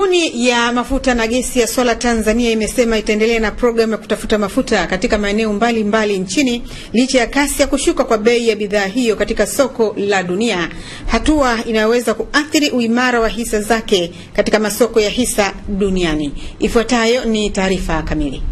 Kampuni ya mafuta na gesi ya Sola Tanzania imesema itaendelea na programu ya kutafuta mafuta katika maeneo mbalimbali nchini licha ya kasi ya kushuka kwa bei ya bidhaa hiyo katika soko la dunia, hatua inayoweza kuathiri uimara wa hisa zake katika masoko ya hisa duniani. Ifuatayo ni taarifa kamili.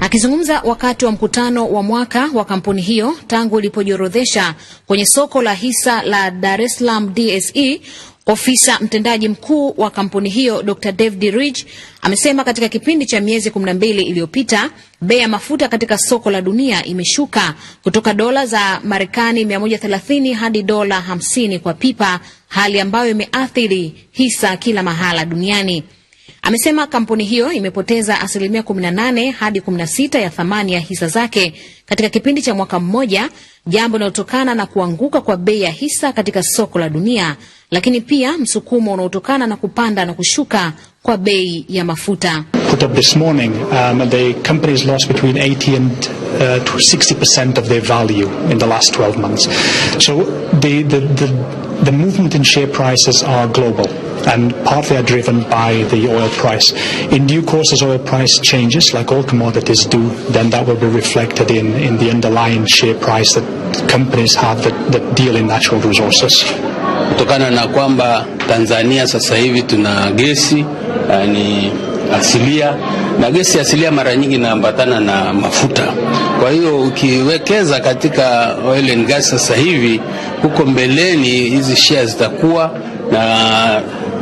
Akizungumza wakati wa mkutano wa mwaka wa kampuni hiyo tangu ilipojiorodhesha kwenye soko la hisa la Dar es Salaam DSE, Ofisa mtendaji mkuu wa kampuni hiyo Dr David Rich amesema katika kipindi cha miezi 12 iliyopita bei ya mafuta katika soko la dunia imeshuka kutoka dola za Marekani 130 hadi dola 50 kwa pipa, hali ambayo imeathiri hisa kila mahala duniani. Amesema kampuni hiyo imepoteza asilimia 18 hadi 16 ya thamani ya hisa zake katika kipindi cha mwaka mmoja, jambo linalotokana na kuanguka kwa bei ya hisa katika soko la dunia, lakini pia msukumo unaotokana na kupanda na kushuka kwa bei ya mafuta. The movement in share prices are global and partly are driven by the oil price. In due course, as oil price changes, like all commodities do, then that will be reflected in, in the underlying share price that companies have that, that deal in natural resources. Kutokana na kwamba Tanzania sasa hivi tuna gesi eh, ni asilia na gesi asilia mara nyingi inaambatana na mafuta. Kwa hiyo ukiwekeza katika oil and gas sasa hivi, huko mbeleni hizi share zitakuwa na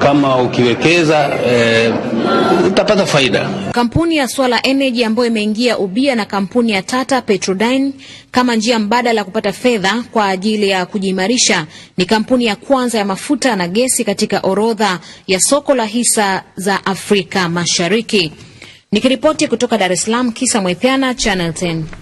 kama ukiwekeza e, utapata faida. Kampuni ya Solar Energy ambayo imeingia ubia na kampuni ya Tata petrodine kama njia mbadala ya kupata fedha kwa ajili ya kujiimarisha ni kampuni ya kwanza ya mafuta na gesi katika orodha ya soko la hisa za Afrika Mashariki. Nikiripoti kutoka Dar es Salaam, Kisa Mwethiana, Channel 10.